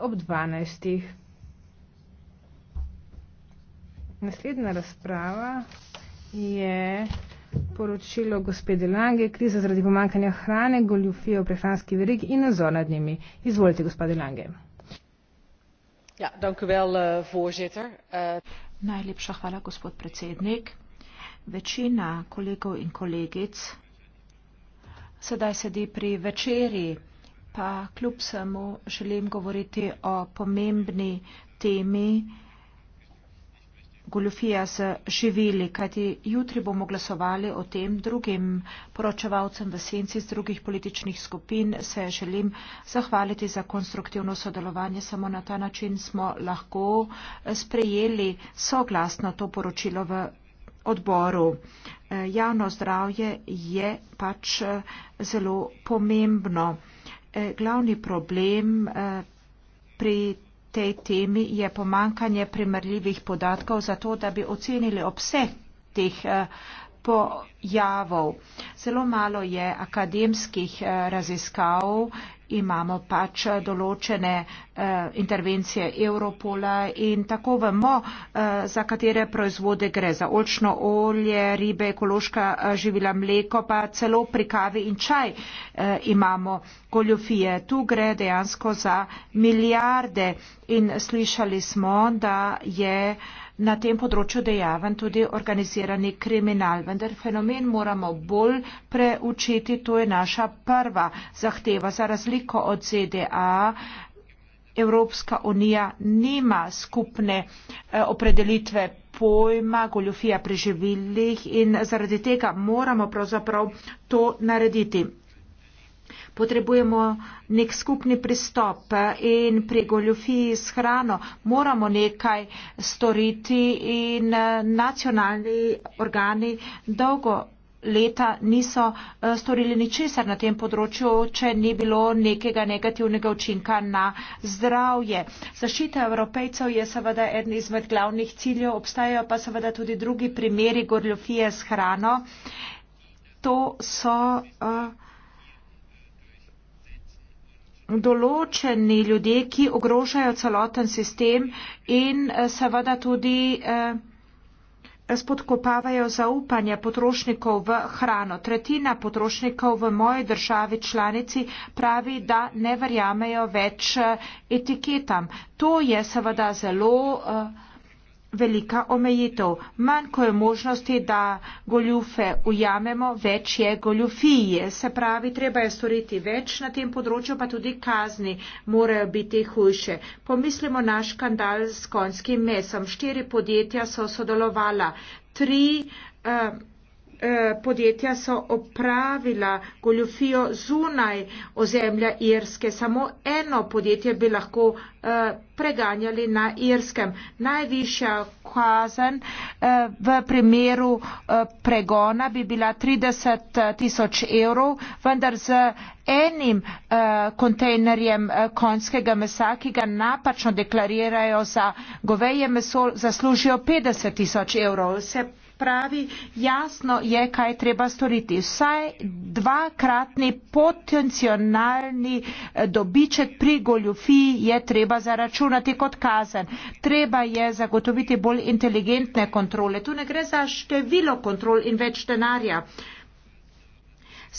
ob 12. Naslednja razprava je poročilo gospede Lange, kriza zaradi pomankanja hrane, goljufijo prehranski verigi in nadzor nad njimi. Izvolite, gospode Lange. Ja, dankuvel, eh, voorzitter. Eh, Najlepša hvala, gospod predsednik. Večina kolegov in kolegic sedaj sedi pri večeri pa kljub samo želim govoriti o pomembni temi goljofija z živili, kajti jutri bomo glasovali o tem drugim poročevalcem v senci z drugih političnih skupin. Se želim zahvaliti za konstruktivno sodelovanje, samo na ta način smo lahko sprejeli soglasno to poročilo v odboru. Eh, javno zdravje je pač eh, zelo pomembno. Eh, glavni problem eh, pri tej temi je pomankanje primerljivih podatkov za to, da bi ocenili obseg teh eh, pojavov. Zelo malo je akademskih eh, raziskav, imamo pač določene eh, intervencije Europola in tako vemo, eh, za katere proizvode gre. Za olčno olje, ribe, ekološka živila, mleko, pa celo pri kavi in čaj imamo goljofije. Tu gre dejansko za milijarde in slišali smo, da je na tem področju dejaven tudi organizirani kriminal. Vendar fenomen moramo bolj preučiti, to je naša prva zahteva. Za razliko od ZDA, Evropska unija nima skupne eh, opredelitve pojma goljofija pri živilih in zaradi tega moramo pravzaprav to narediti potrebujemo nek skupni pristop eh, in pri goljofiji s hrano moramo nekaj storiti in eh, nacionalni organi dolgo leta niso eh, storili ničesar na tem področju, če ni bilo nekega negativnega učinka na zdravje. Zašita evropejcev je seveda eden izmed glavnih ciljev, obstajajo pa seveda tudi drugi primeri gorljofije s hrano. To so uh, določeni ljudje, ki ogrožajo celoten sistem in eh, seveda tudi eh, spodkopavajo zaupanje potrošnikov v hrano. Tretjina potrošnikov v moji državi članici pravi, da ne verjamejo več eh, etiketam. To je seveda zelo uh, velika omejitev. Manj ko je možnosti, da goljufe ujamemo, več je goljufije. Se pravi, treba je storiti več na tem področju, pa tudi kazni morajo biti hujše. Pomislimo na škandal s konjskim mesom. Štiri podjetja so sodelovala. Tri. Uh, Eh, podjetja so opravila goljofijo zunaj ozemlja Irske. Samo eno podjetje bi lahko eh, preganjali na Irskem. Najvišja kazen eh, v primeru pregona bi bila 30 tisoč evrov, vendar z enim kontejnerjem konjskega mesa, ki ga napačno deklarirajo za goveje meso, zaslužijo 50 tisoč evrov. Se pravi, jasno je, kaj treba storiti. Vsaj dvakratni potencionalni eh, dobiček pri goljufiji je treba zaračunati kot kazen. Treba je zagotoviti bolj inteligentne kontrole. Tu ne gre za število kontrol in več denarja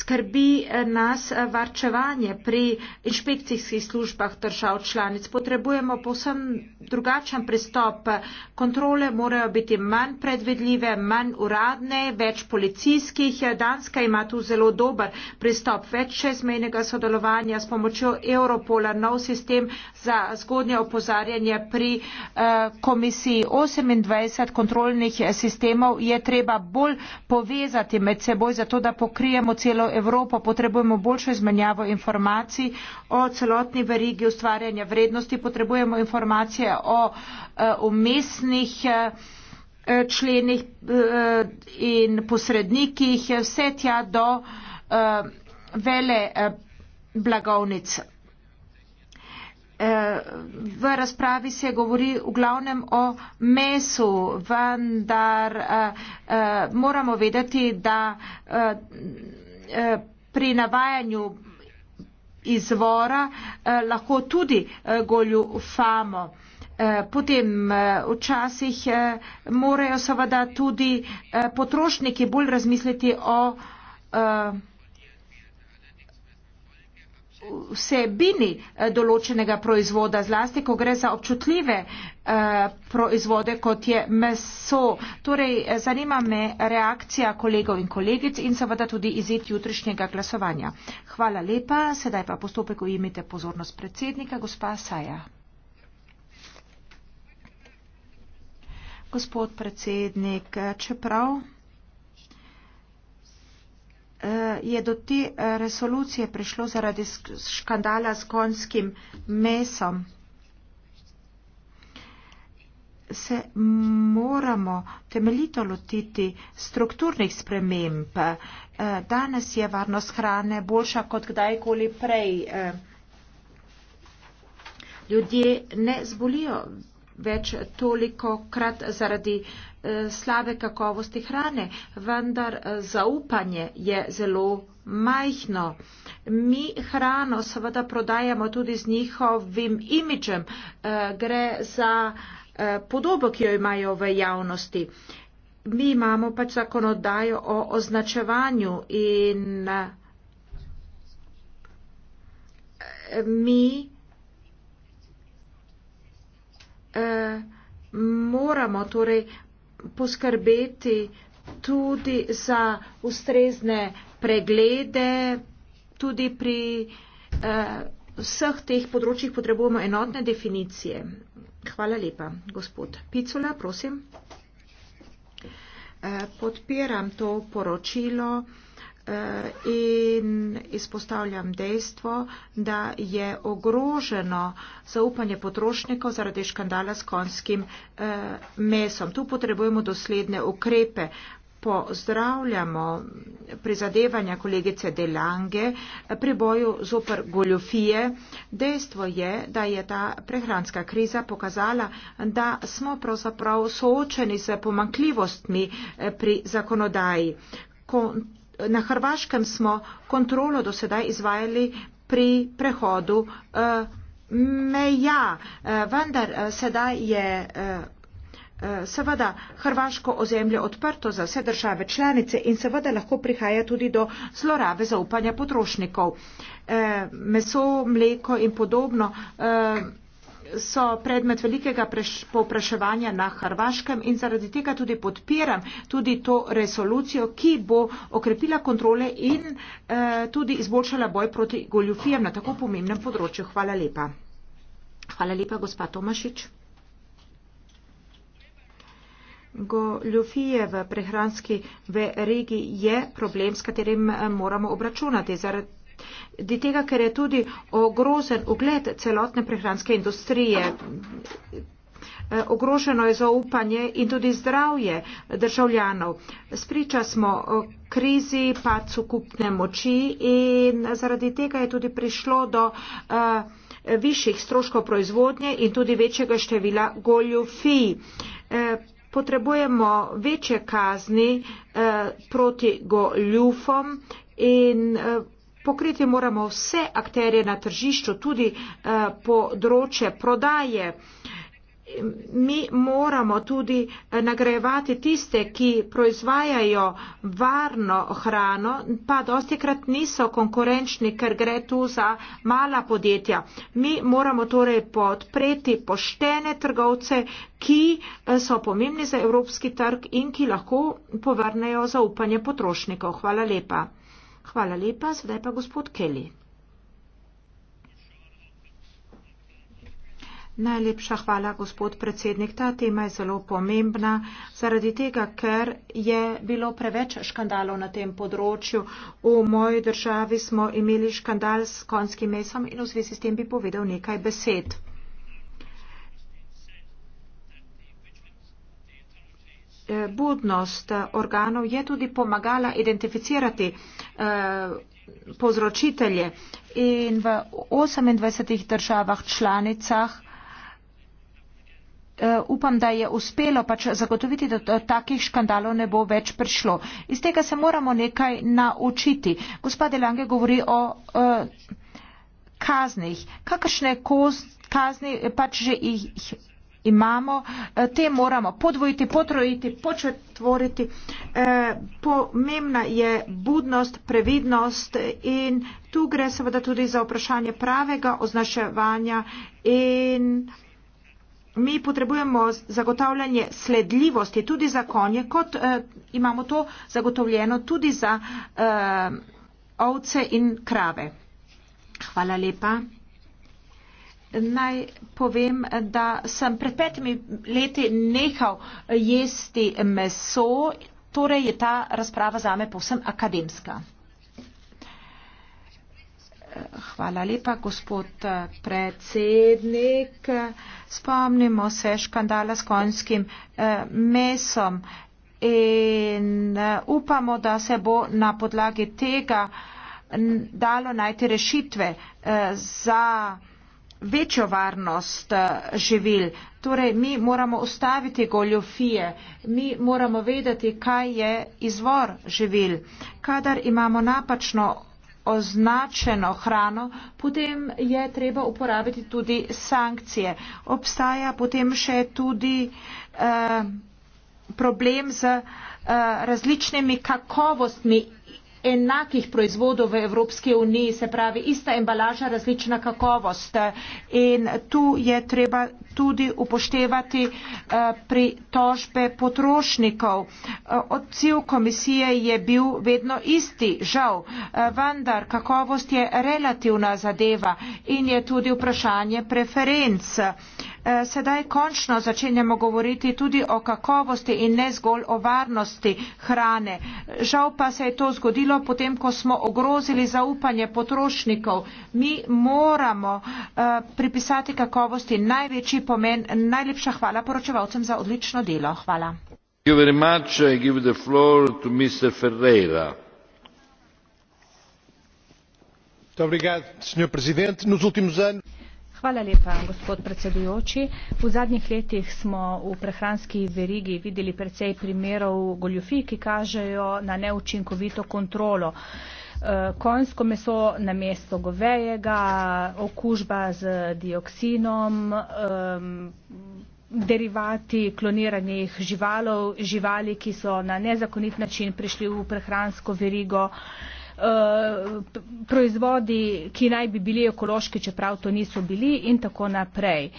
skrbi eh, nas eh, varčevanje pri inšpekcijskih službah držav članic. Potrebujemo povsem drugačen pristop. Kontrole morajo biti manj predvidljive, manj uradne, več policijskih. Danska ima tu zelo dober pristop, več čezmejnega sodelovanja s pomočjo Europola, nov sistem za zgodnje opozarjanje pri eh, komisiji. 28 kontrolnih sistemov je treba bolj povezati med seboj, zato da pokrijemo celo celo Evropo potrebujemo boljšo izmenjavo informacij o celotni verigi ustvarjanja vrednosti, potrebujemo informacije o eh, umestnih eh, členih eh, in posrednikih, vse tja do vele blagovnic. V razpravi se govori v glavnem o mesu, vendar moramo vedeti, da Eh, pri navajanju izvora eh, lahko tudi eh, golju famo. Potem včasih morajo seveda tudi potrošniki bolj razmisliti o vsebini eh, določenega proizvoda, zlasti ko gre za občutljive eh, proizvode, kot je meso. Torej, eh, zanima me reakcija kolegov in kolegic in seveda tudi izid jutrišnjega glasovanja. Hvala lepa, sedaj pa postopek ujemite pozornost predsednika, gospa Saja. Gospod predsednik, čeprav Eh, je do te eh, resolucije prišlo zaradi škandala s konjskim mesom. Se moramo temeljito lotiti strukturnih sprememb. Eh, danes je varnost hrane boljša kot kdajkoli prej. Ljudje ne zbolijo več toliko krat zaradi eh, slabe kakovosti hrane, vendar eh, zaupanje je zelo majhno. Mi hrano seveda prodajamo tudi z njihovim imidžem, eh, gre za podobo, ki jo imajo v javnosti. Mi imamo pač zakonodajo o označevanju in mi Eh, moramo torej poskrbeti tudi za ustrezne preglede, tudi pri eh, vseh teh področjih potrebujemo enotne definicije. Hvala lepa, gospod Picula, prosim. Eh, podpiram to poročilo. Eh, in izpostavljam dejstvo, da je ogroženo zaupanje potrošnikov zaradi škandala s konjskim eh, mesom. Tu potrebujemo dosledne ukrepe. Pozdravljamo prizadevanja kolegice Delange eh, pri boju zoper goljofije. Dejstvo je, da je ta prehranska kriza pokazala, da smo pravzaprav soočeni s pomankljivostmi pri zakonodaji. Kont na Hrvaškem smo kontrolo do sedaj izvajali pri prehodu eh, meja, eh, vendar eh, sedaj je seveda Hrvaško ozemlje odprto za vse države članice in seveda lahko prihaja tudi do zlorabe zaupanja potrošnikov. Meso, mleko in podobno so predmet velikega povpraševanja na Hrvaškem in zaradi tega tudi podpiram tudi to resolucijo, ki bo okrepila kontrole in eh, tudi izboljšala boj proti goljufijem na tako pomembnem področju. Hvala lepa. Hvala lepa, gospa Tomašič. Goljofije v prehranski v regiji je problem, s katerim eh, moramo obračunati. Zaradi Di tega, ker je tudi ogrozen ugled celotne prehranske industrije. E, ogroženo je zaupanje in tudi zdravje državljanov. Spriča smo krizi, pacu kupne moči in zaradi tega je tudi prišlo do uh, višjih stroškov proizvodnje in tudi večjega števila goljufij. Uh, e, potrebujemo večje kazni uh, proti goljufom in uh, pokriti moramo vse akterje na tržišču, tudi eh, področje prodaje. Mi moramo tudi eh, nagrajevati tiste, ki proizvajajo varno hrano, pa dosti krat niso konkurenčni, ker gre tu za mala podjetja. Mi moramo torej podpreti poštene trgovce, ki eh, so pomembni za evropski trg in ki lahko povrnejo zaupanje potrošnikov. Hvala lepa. Hvala lepa, zdaj pa gospod Kelly. Najlepša hvala, gospod predsednik. Ta tema je zelo pomembna zaradi tega, ker je bilo preveč škandalov na tem področju. V moji državi smo imeli škandal s konjskim mesom in v zvezi s tem bi povedal nekaj besed. Eh, budnost organov je tudi pomagala identificirati eh, povzročitelje in v 28 državah članicah eh, upam, da je uspelo pač zagotoviti, da takih škandalov ne bo več prišlo. Iz tega se moramo nekaj naučiti. Gospa Delange govori o kaznih. Kakršne kozni kazni pač že jih imamo, eh, te moramo podvojiti, potrojiti, početvoriti. Eh, pomembna je budnost, previdnost in tu gre seveda tudi za vprašanje pravega označevanja in mi potrebujemo zagotavljanje sledljivosti tudi za konje, kot eh, imamo to zagotovljeno tudi za ovce in krave. Hvala lepa. Naj povem, da sem pred petimi leti nehal jesti meso, torej je ta razprava zame povsem akademska. Hvala lepa, gospod predsednik. Spomnimo se škandala s konjskim eh, mesom in eh, upamo, da se bo na podlagi tega dalo najti rešitve eh, za večjo varnost eh, živil. Torej, mi moramo ustaviti goljofije, mi moramo vedeti, kaj je izvor živil. Kadar imamo napačno označeno hrano, potem je treba uporabiti tudi sankcije. Obstaja potem še tudi eh, problem z eh, različnimi kakovostmi enakih proizvodov v Evropski uniji, se pravi ista embalaža, različna kakovost. In tu je treba tudi upoštevati eh, pri tožbe potrošnikov. Eh, Odziv komisije je bil vedno isti, žal, eh, vendar kakovost je relativna zadeva in je tudi vprašanje preferenc. Eh, sedaj končno začenjamo govoriti tudi o kakovosti in ne zgolj o varnosti hrane. Žal pa se je to zgodilo potem, ko smo ogrozili zaupanje potrošnikov. Mi moramo eh, pripisati kakovosti največji pomen. Najlepša hvala poročevalcem za odlično delo. Hvala. Muito obrigado, Sr. Presidente. Nos últimos anos. Hvala lepa, gospod predsedujoči. V zadnjih letih smo v prehranski verigi videli precej primerov goljufij, ki kažejo na neučinkovito kontrolo. Eh, Konsko meso na mesto govejega, okužba z dioksinom, derivati kloniranih živalov, živali, ki so na nezakonit način prišli v prehransko verigo. Eh, proizvodi, ki naj bi bili ekološki, čeprav to niso bili in tako naprej.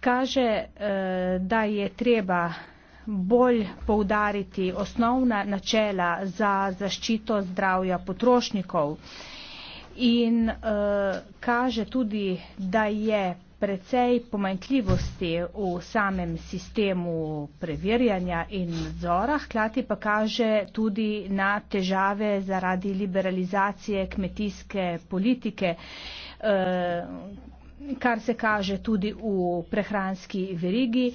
Kaže, eh, da je treba bolj poudariti osnovna načela za zaščito zdravja potrošnikov in eh, kaže tudi, da je potrebno, precej pomanjkljivosti v samem sistemu preverjanja in nadzora, hkrati pa kaže tudi na težave zaradi liberalizacije kmetijske politike, eh, kar se kaže tudi v prehranski verigi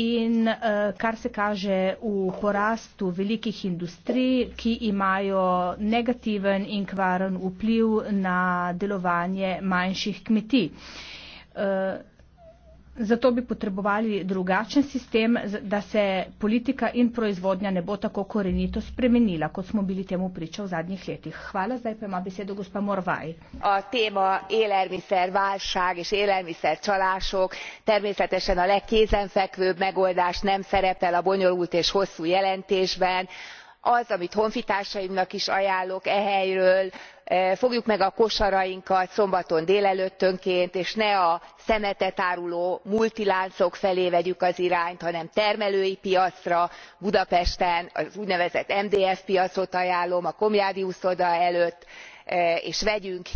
in eh, kar se kaže v porastu velikih industrij, ki imajo negativen in kvaren vpliv na delovanje manjših kmetij. Eh, zato bi potrebovali drugačen sistem, da se politika in proizvodnja ne bo tako korenito spremenila, kot smo bili temu priča v zadnjih letih. Hvala, zdaj pa ima besedo gospa Morvaj. A tema élelmiszer válság és élelmiszer csalások természetesen a legkézenfekvőbb megoldás nem szerepel a bonyolult és hosszú jelentésben az amit honfitársaimnak is ajánlok e helyről e, fogjuk meg a kosarainkat szombaton délelőttönként és ne a szemetet áruló multiláncok felé vegyük az irányt hanem termelői piacra budapesten az úgynevezett mdf piacot ajánlom a komjádi uszoda előtt. Eh, és vegyünk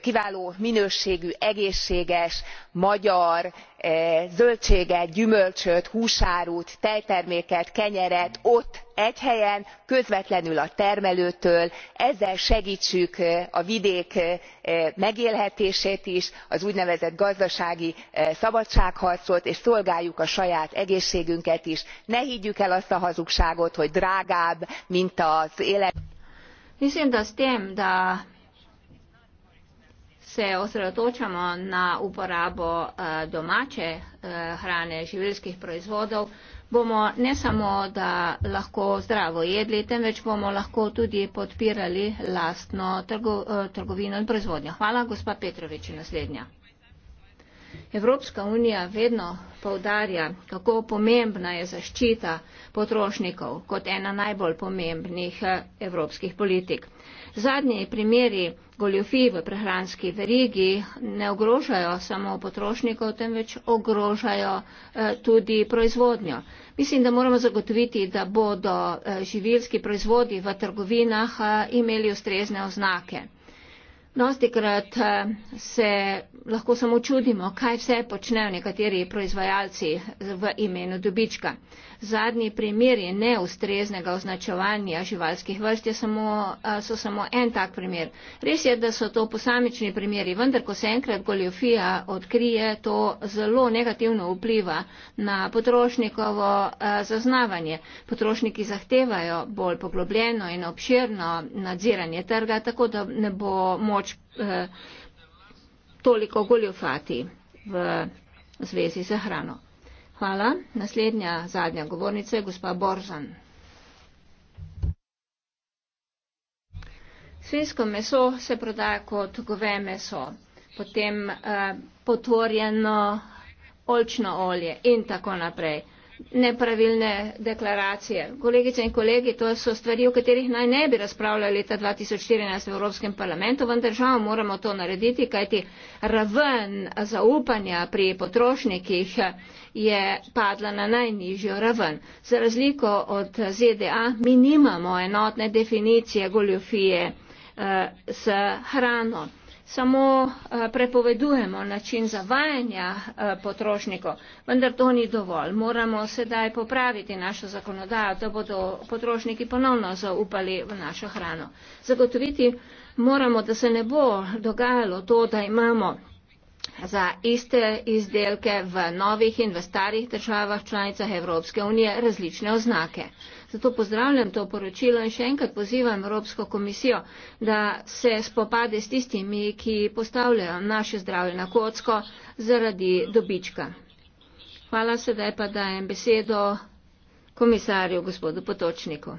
kiváló minőségű egészséges magyar eh, zöldséget gyümölcsöt húsárut tejterméket kenyeret ott egy helyen közvetlenül a termelőtől ezzel segtsük eh, a vidék megélhetését is az úgynevezett gazdasági szabadságharcot és szolgáljuk a saját egészségünket is. ne higgyük el azt a hazugságot hogy drágább mint az élelmiszer. Mislim, da s tem, da se osredotočamo na uporabo uh, domače uh, hrane, živilskih proizvodov, bomo ne samo, da lahko zdravo jedli, temveč bomo lahko tudi podpirali lastno trgo, uh, trgovino in proizvodnjo. Hvala, gospa Petrovič, naslednja. Evropska unija vedno povdarja, kako pomembna je zaščita potrošnikov kot ena najbolj pomembnih eh, evropskih politik. Zadnji primeri goljofij v prehranski verigi ne ogrožajo samo potrošnikov, temveč ogrožajo eh, tudi proizvodnjo. Mislim, da moramo zagotoviti, da bodo eh, živilski proizvodi v trgovinah imeli ustrezne oznake. Dostikrat eh, se lahko samo čudimo, kaj vse počnejo nekateri proizvajalci v imenu dobička. Zadnji primer je neustreznega označevanja živalskih vrst, samo, eh, so samo en tak primer. Res je, da so to posamični primeri, vendar ko se enkrat goljofija odkrije, to zelo negativno vpliva na potrošnikovo eh, zaznavanje. Potrošniki zahtevajo bolj poglobljeno in obširno nadziranje trga, tako da ne bo moč pač eh, toliko goljufati v zvezi z hrano. Hvala. Naslednja zadnja govornica je gospa Borzan. Svinsko meso se prodaja kot gove meso, potem eh, potvorjeno olčno olje in tako naprej nepravilne deklaracije. Kolegice in kolegi, to so stvari, o katerih naj ne bi razpravljali leta 2014 v Evropskem parlamentu, vendar žal moramo to narediti, kajti raven zaupanja pri potrošnikih je padla na najnižjo raven. Za razliko od ZDA, mi nimamo enotne definicije goljofije eh, s hrano samo eh, prepovedujemo način zavajanja eh, potrošnikov, vendar to ni dovolj. Moramo sedaj popraviti našo zakonodajo, da bodo potrošniki ponovno zaupali v našo hrano. Zagotoviti moramo, da se ne bo dogajalo to, da imamo za iste izdelke v novih in v starih državah članicah Evropske unije različne oznake. Zato pozdravljam to poročilo in še enkrat pozivam Evropsko komisijo, da se spopade s tistimi, ki postavljajo naše zdravje na kocko zaradi dobička. Hvala sedaj pa dajem besedo komisarju gospodu Potočniku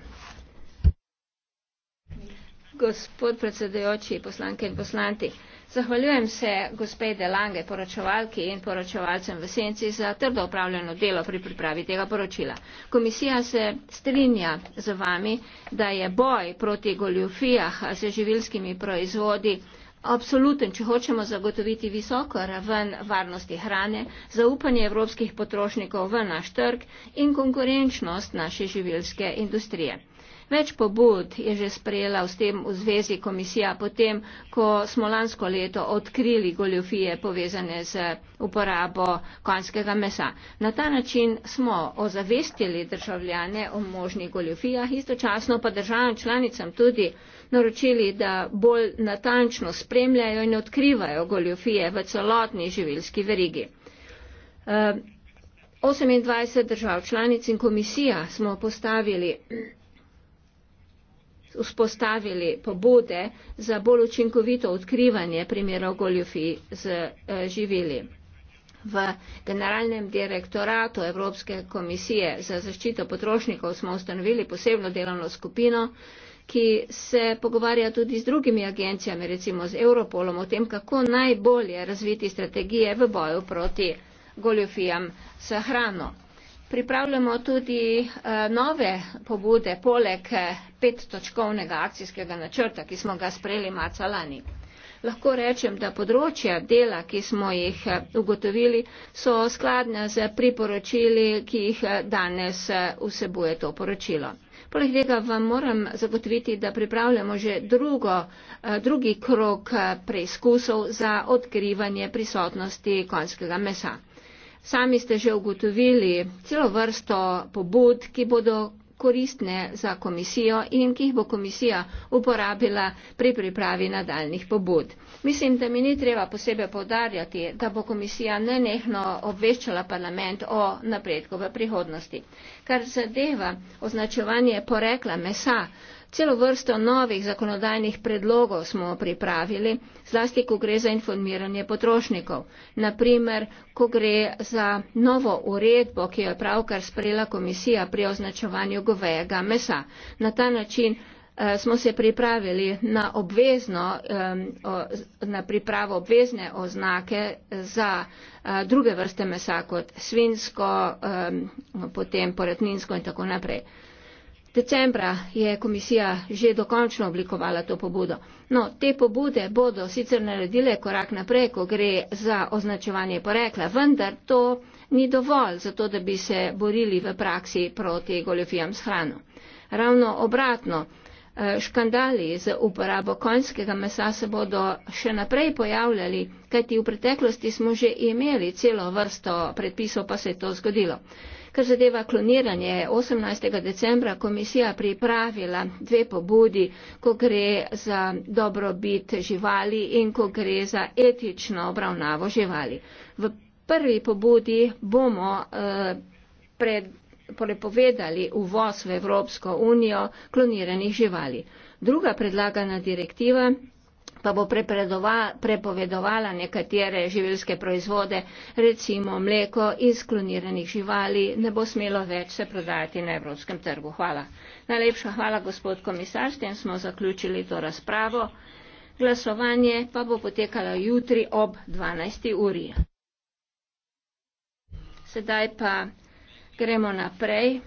gospod predsedujoči, poslanke in poslanti. Zahvaljujem se gospede Lange, poročevalki in poročevalcem v Senci za trdo upravljeno delo pri pripravi tega poročila. Komisija se strinja z vami, da je boj proti goljufijah z živilskimi proizvodi absoluten, če hočemo zagotoviti visoko raven varnosti hrane, zaupanje evropskih potrošnikov v naš trg in konkurenčnost naše živilske industrije. Več pobud je že sprejela v tem v zvezi komisija, potem ko smo lansko leto odkrili goljofije povezane z uporabo konjskega mesa. Na ta način smo ozavestili državljane o možnih goljofijah, istočasno pa državam članicam tudi naročili, da bolj natančno spremljajo in odkrivajo goljofije v celotni živilski verigi. 28 eh, držav članic in komisija smo postavili vzpostavili pobude za bolj učinkovito odkrivanje primerov goljufi z eh, živili. V generalnem direktoratu Evropske komisije za zaščito potrošnikov smo ustanovili posebno delovno skupino, ki se pogovarja tudi z drugimi agencijami, recimo z Europolom, o tem, kako najbolje razviti strategije v boju proti goljofijam s hrano. Pripravljamo tudi eh, nove pobude poleg eh, petočkovnega akcijskega načrta, ki smo ga sprejeli marca lani. Lahko rečem, da področja dela, ki smo jih eh, ugotovili, so skladna z priporočili, ki jih danes vsebuje to poročilo. Poleg tega vam moram zagotoviti, da pripravljamo že drugo, drugi krok preizkusov za odkrivanje prisotnosti konjskega mesa. Sami ste že ugotovili celo vrsto pobud, ki bodo koristne za komisijo in ki jih bo komisija uporabila pri pripravi nadaljnih pobud. Mislim, da mi ni treba posebej povdarjati, da bo komisija nenehno obveščala parlament o napredku v prihodnosti. Kar zadeva označevanje porekla mesa, celo vrsto novih zakonodajnih predlogov smo pripravili, zlasti ko gre za informiranje potrošnikov. Naprimer, ko gre za novo uredbo, ki jo je pravkar sprejela komisija pri označevanju govejega mesa. Na ta način eh, smo se pripravili na, obvezno, na pripravo obvezne oznake za eh, druge vrste mesa kot svinsko, potem poretninsko in tako naprej. Decembra je komisija že dokončno oblikovala to pobudo. No, te pobude bodo sicer naredile korak naprej, ko gre za označevanje porekla, vendar to ni dovolj za to, da bi se borili v praksi proti goljofijam s hrano. Ravno obratno, Eh, škandali z uporabo konjskega mesa se bodo še naprej pojavljali, kajti v preteklosti smo že imeli celo vrsto predpisov, pa se je to zgodilo. Kar zadeva kloniranje, 18. decembra komisija pripravila dve pobudi, ko gre za dobrobit živali in ko gre za etično obravnavo živali. V prvi pobudi bomo eh, pred prepovedali uvoz v Evropsko unijo kloniranih živali. Druga predlagana direktiva pa bo prepovedovala nekatere živilske proizvode, recimo mleko iz kloniranih živali, ne bo smelo več se prodajati na evropskem trgu. Hvala. Najlepša hvala, gospod komisar, s tem smo zaključili to razpravo. Glasovanje pa bo potekalo jutri ob 12. uri. Sedaj pa. Gremo naprej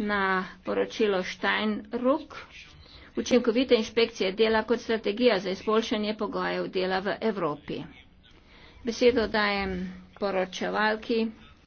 na poročilo Steinruck. Učinkovite inšpekcije dela kot strategija za izboljšanje pogojev dela v Evropi. Besedo dajem poročevalki.